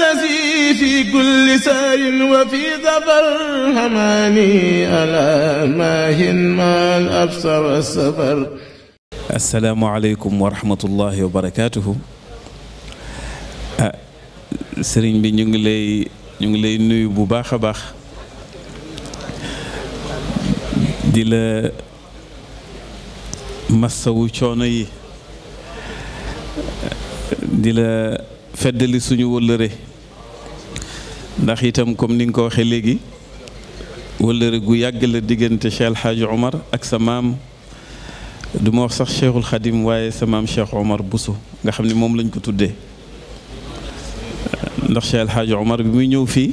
الذي في كل سير وفي ظفر حماني ألا ماهن ما الأبصر والسفر asalaamaaleykum wa rahmatullahi wa barakaatuhu ah sëriñ bi ñu ngi lay ñu ngi lay nuyu bu baax a baax di la massawu coono yi di la feddali suñu wëllëre ndax itam comme ni nga ko waxee léegi wëllëre gu yàgg la diggante Cheikh El Hadj Omar ak sa maam du ma wax sax Cheikhul xadim waaye sa maam Cheikh Omar so nga xam ni moom lañu ko tudde ndax Cheikh El Omar bi muy ñëw fii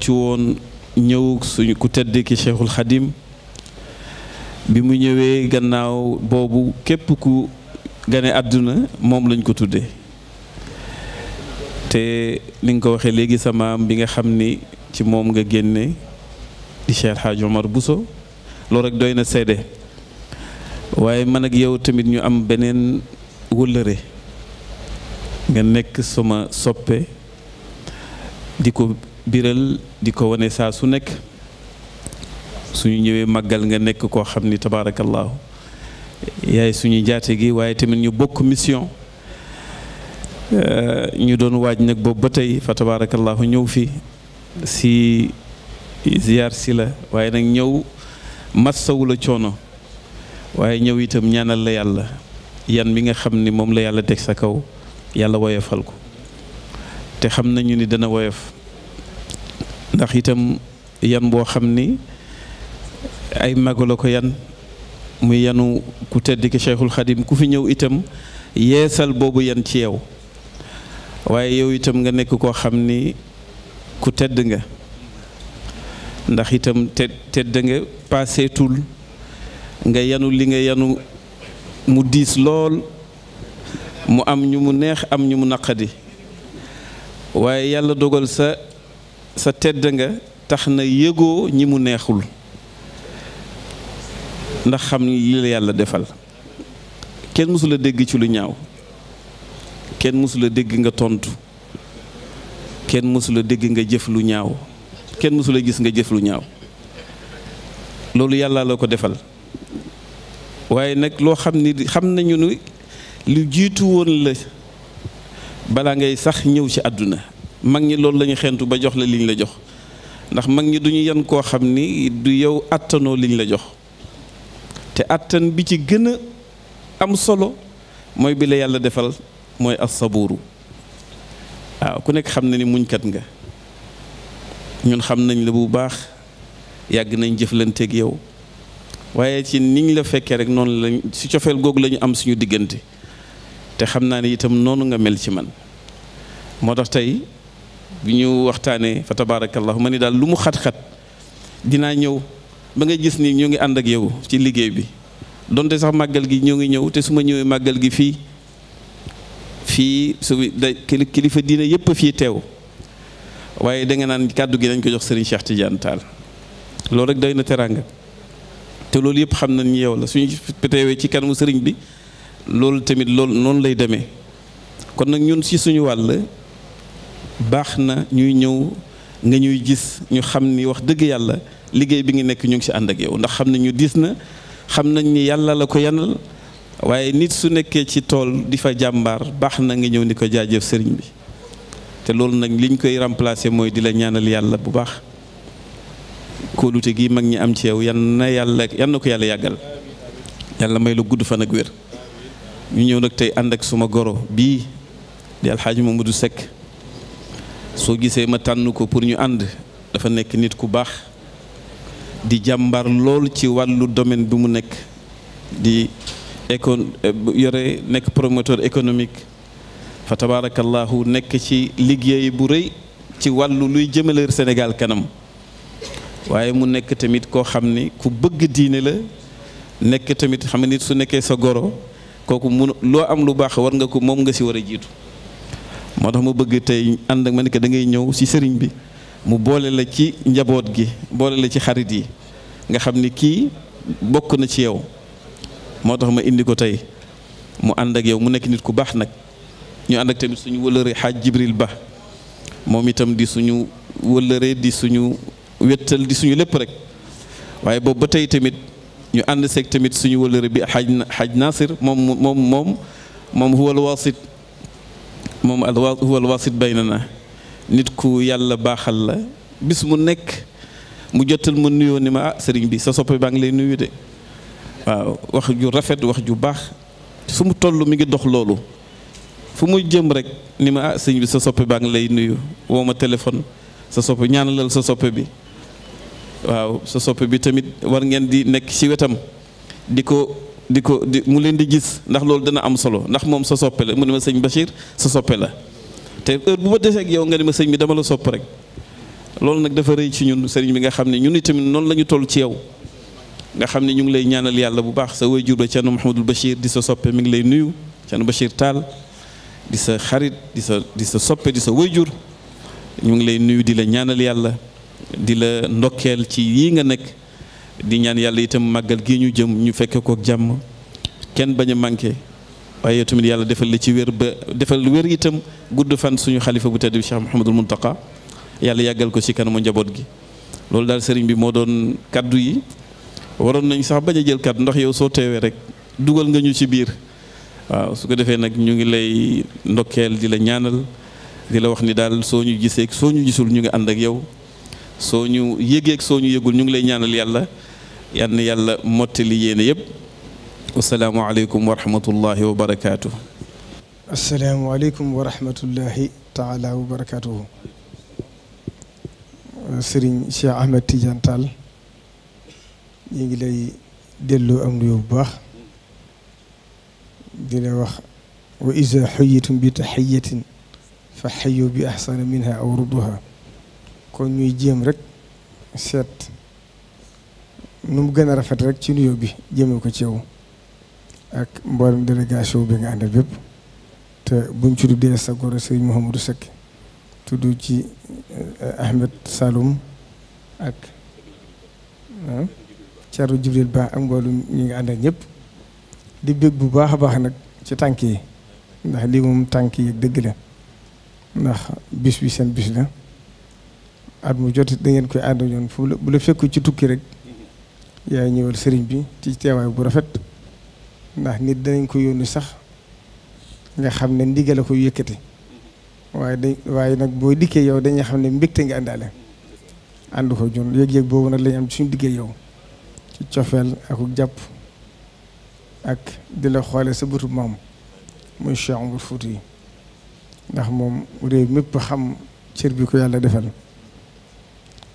ci woon ñëw suñu ku tedd ki Cheikhul Khadim bi mu ñëwee gannaaw boobu képp ku gane àdduna moom lañ ko tuddee. te ni nga ko waxee léegi sa maam bi nga xam ni ci moom nga génne di Cheikh El Hadj Omar Bousso loolu rek doy na seede waaye man ak yow tamit ñu am beneen wëllëre nga nekk sama soppe di ko biral di ko wane saa su nekk suñu ñëwee màggal nga nekk koo xam ni tabaarakallaahu yaay suñu jaate gi waaye tamit ñu bokk mission Eh, ñu doon waaj nag boobu ba tey fa tabaarakallaahu ñëw fi si ziyaar si la waaye nag ñëw massawu coono waaye ñëw itam ñaanal la yàlla yan mi nga xam ni moom la yàlla teg sa kaw yàlla woyofal ko te xam nañu ni dana woyof ndax itam yan boo xam ni ay mago ko yan muy yanu ku tedd ki Cheikhul Xadim ku fi ñëw itam yeesal boobu yan ci yow waaye yow itam nga nekk koo xam ni ku tedd nga ndax itam te tedd nga paaseetul nga yanu li nga yanu mu diis lool mu am ñu mu neex am ñu mu naqadi waaye yàlla dogal sa sa tedd nga tax na yëgoo ñi mu neexul ndax xam yi la yàlla defal kenn mësula dégg ci lu ñaaw kenn mësula dégg nga tontu kenn mësula dégg nga jëf lu ñaaw kenn mësula gis nga jëf lu ñaaw loolu yàlla la ko defal waaye nag loo xam ni xam nañu ni lu jiitu woon la bala ngay sax ñëw ci àdduna mag ñi loolu lañu xentu ba jox la liñ la jox ndax mag ñi duñu yan koo xam ni du yow àttanoo liñ la jox te àttan bi ci gën a am solo mooy bi la yàlla defal mooy as-sabuuru waaw ku nekk xam na ni muñkat nga ñun xam nañ la bu baax yàgg nañ jëflanteek yow waaye ci niñ la fekkee rek noonu lañ si cofeel googu lañu am suñu diggante te xam naa ne itam noonu nga mel ci man moo tax tey bi ñu waxtaanee fa ma ni daal lu mu xat-xat dinaa ñëw ba nga gis nii ñoo ngi ànd ak yow ci liggéey bi donte sax màggal gi ñu ngi ñëw te su ma ñëwee màggal gi fii fii su kilifa diine yëpp fii teew waaye da naan kàddu gi dañ ko jox Serigne Cheikh Tidiane Tall loolu rek day na teraanga te loolu yëpp xam nañ yow la suñu teewee ci kanamu sëriñ bi loolu tamit lool noonu lay demee kon nag ñun si suñu wàll baax na ñuy ñëw nga ñuy gis ñu xam ni wax dëgg yàlla liggéey bi ngi nekk ñu ngi si ànd ak yow ndax xam nañ ñu diis na xam nañ ni yàlla la ko yanal. waaye nit su nekkee ci tool di fa jàmbaar baax na nga ñëw ni ko jaajëf sëriñ bi te loolu nag liñ koy remplacer mooy di la ñaanal yàlla bu baax kóolute gi mag ñi am ci yow yan na yàlla yan ko yàlla yàggal yàlla may lu gudd fan ak wér ñu ñëw nag tey ànd ak suma goro bii di alxaaji Mamadou sekk soo gisee ma tànn ko pour ñu ànd dafa nekk nit ku baax di jàmbar lool ci wàllu domaine bi mu nekk di éco eh, yore nekk promoteur économique fa tabaarakallaahu nekk ci liggéey bu rëy ci wàllu luy jëmale Sénégal kanam waaye mu nekk tamit koo xam ni ku bëgg diine la nekk tamit xam nit su nekkee sa goro kooku mu loo am lu baax war nga ko moom nga ci war a jiitu moo tax ma bëgg tey ànd ak ma ne da ngay ñëw si sëriñ bi mu boole la ci njaboot gi boole la ci xarit yi nga xam ni kii bokk na ci yow. moo tax ma indi ko tey mu ànd ak yow mu nekk nit ku baax nag ñu àndak ak tamit suñu wëllëree xaaj Jibril Ba moom itam di suñu wëllëree di suñu wettal di suñu lépp rek waaye boobu ba tey tamit ñu ànd seeg tamit suñu wëllëree bi xaaj xaaj Nasir moom moom moom moom huwal wasit moom huwal wasit na nit ku yàlla baaxal la bis mu nekk mu jotal ma nuyoo ni ma ah sëriñ bi sa soppe baa ngi lay nuyu de. waaw wax ju rafet wax ju baax fu mu toll mi ngi dox loolu fu muy jëm rek ni ma ah sëñ bi sa soppe baa ngi lay nuyu woo ma téléphone sa soppe ñaanalal sa soppe bi waaw sa soppe bi tamit war ngeen di nekk ci wetam di ko di ko di mu leen di gis ndax loolu dana am solo ndax moom sa soppe la mu ne ma sëñ Bachir sa soppe la te heure bu ma desee ak yow nga ne ma sëñ bi dama la sopp rek loolu nag dafa rëy ci ñun sëriñ bi nga xam ne ñun itamit noonu la ñu toll ci yow nga xam ne ñu ngi lay ñaanal yàlla bu baax sa waajur ba Thierno Mouhamadul Bachir di sa soppe mi ngi lay nuyu Thierno Bachir Tall di sa xarit di sa di sa soppe di sa way jur ñu ngi lay nuyu di la ñaanal yàlla di la ndokkeel ci yii nga nekk di ñaan yàlla itam màggal gi ñu jëm ñu fekke ko jàmm kenn bañ a manqué waaye tamit yàlla defal la ci wér ba defal wér itam gudd fan suñu xalifa bu tedd bi Cheikh Mouhamadul Mountakha yàlla yàggal ko ci kanamu njaboot gi yi. waroon nañu sax bañ a jël kàddu ndax yow soo teewee rek dugal nga ñu ci biir waaw su ko defee nag ñu ngi lay ndokkeel di la ñaanal di la wax ni daal soo ñu gisee soo ñu gisul ñu ngi ànd yow soo ñu yëgeeg soo ñu yëgul ñu ngi lay ñaanal yàlla yann yàlla mottali yéene yëpp asalaamualeykum wa rahmatullahi wa barakaatu. asalaamualeykum wa rahmatullahi taala wa barakaatu. Serigne Cheikh Ahmed Tidiane ñu ngi lay delloo am nuyoo bu baax di la wax wa iza xuyitum bi taxiyatin fa xayu bi axsana minha aw rudduha kon ñuy jéem rek seet nu mu gën a rafet rek ci nuyoo bi jëmee ko ci yow ak mboolem délégation bi nga àndal bépp te buñ ci tuddee sa goro sëriñ Mouhamadou Seck tudd ci eh, Ahmed Saloum ak ah, Thierno Jibril Ba ak mboolum ñu ngi àndal ñëpp di bég bu baax a baax nag ci tànk yi ndax lii moom tànk yi dëgg la ndax bis bi seen bis la at mu jot da ngeen koy àndal ñoon fu bu la fekku ci tukki rek yaay ñëwal sëriñ bi ci teewaay bu rafet ndax nit danañ ko yónni sax nga xam ne ndigal a ko yëkkati waaye dañ waaye nag boo dikkee yow dañuy xam ne mbégte nga àndaale ànd ko ñun yëg-yëg boobu nag lañu am suñ diggee yow ci cofeel akuk jàpp ak dila xoole sa bëtub maam mooy Cheikh Oumar Fouti ndax moom réew mépp xam cër bi ko yàlla defal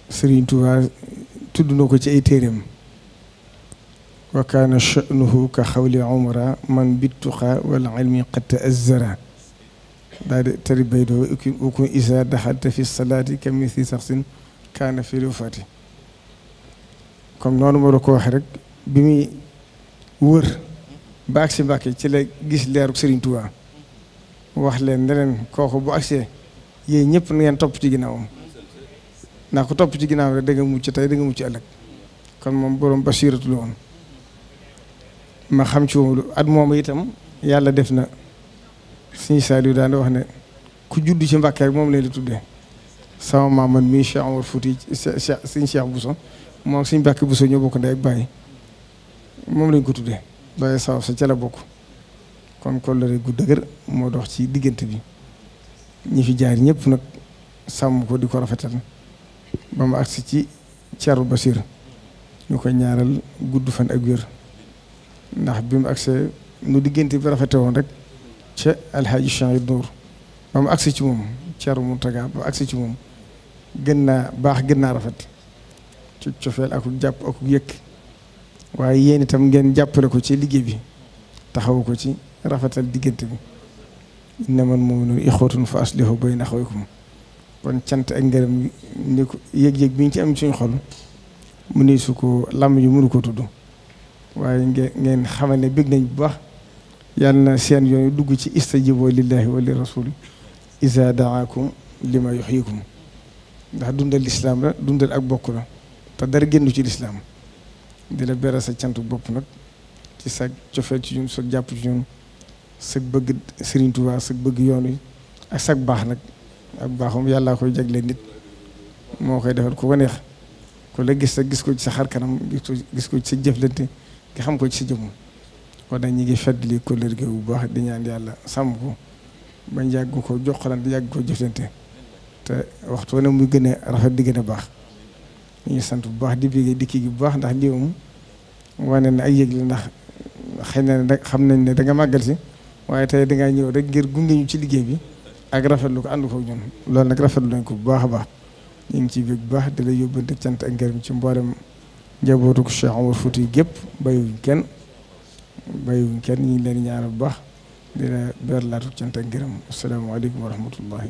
Serigne Touba tudd na ko ci ay téeréem wa kaana sha'nuhu ka xawli umra man bittuqa wal ilmi qad ta'azzara daal di tari baydoo ukun isa fi salaati ka misli saxsin kaana fi rifaati kon noonu ma la ko waxee rek bi muy wër ba agsi Mbàkke ci la gis leeru Serigne Touba wax leen ne leen kooku bu agsee yéen ñëpp na ngeen topp ci ginnaawam ndax ku topp ci ginnaaw rek da nga mucc tey da nga mucc ëllëg kon moom borom basiratu la woon ma xam ci moom lu at moom itam yàlla def na suñu Saliou daan wax ne ku judd ci Mbàkke rek moom leen di tuddee sama maam man mii Cheikh Omar Fouti Cheikh Cheikh Bousso moom suñ bàkk bu soo ñoo bokk ndey ak bàyyi moom lañ ko tudde bàyyi saaw sa ca bokk kon kóllëre gu dëgër moo dox ci diggante bi ñu fi jaar ñëpp nag sàmm ko di ko rafetal ba mu agsi ci Ceerno Basiir ñu ko ñaaral gudd fan ak wér ndax bi mu diggante bi rafete woon rek ca alxaaji Cheikh Nuur ba mu agsi ci moom Ceerno Muntaga ba agsi ci moom gën naa baax gën naa rafet ci cofeel ak jàpp ak yëkk waaye yéen itam ngeen jàppale ko ci liggéey bi taxaw ko ci rafetal diggante bi innamal mu'minuuna ixwatun fa aslihu bayna axawaykum kon cant ak ngërëm ni ko yëg-yëg bi ñu ci am suñu xol mu ne su ko làmm yi mënu ko tudd waaye ngeen ngeen xamal ne bëgg nañ bu baax yàlla na seen yoon dugg ci istajibu lillahi wa li rasul iza daakum lima ndax dundal lislaam la dundal ak bokk la te dara génn ci lislaam di la beral sa cantu bopp nag ci sa cofeel ci ñun sa jàpp ci ñun sa bëgg Serigne Touba bëgg yoon wi ak sa baax nag ak baaxam yàllaa koy jagle nit moo koy defal ku ko neex ku la gis sa gis ko ci sa xar kanam gis ko ci sa jëflante nga xam ko ci sa jëmm kon nag ñu ngi fàttali kóllëre gi bu baax di ñaan yàlla sàmm ko bañ yàgg ko joxalante yàgg ko jëflante te waxtu wane muy gën a rafet di gën a baax. ñu ngi sant bu baax di bégee dikki gi bu baax ndax lii moom wane na ak yëg la ndax xëy na nag xam nañ ne danga màggal si waaye tey dangaa ñëw rek ngir gunge ñu ci liggéey bi ak rafetlu ko ànd ko ñun loolu nag rafet lu nañ ko bu baax a baax ñu ngi ciy bég bu baax di la yóbbante cant ak ngërëm ci mboolem njabootu ko Cheikh Omar Fouti gépp bayuñ kenn bayuñ kenn ñu ngi leen ñaanal bu baax di la berlaatu cant ak ngërëm asalaamaaleykum wa rahmatullahi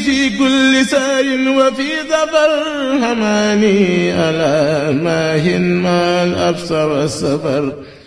في كل سار وفي ظفر هماني ألا ماهن ما الأبصر والسفر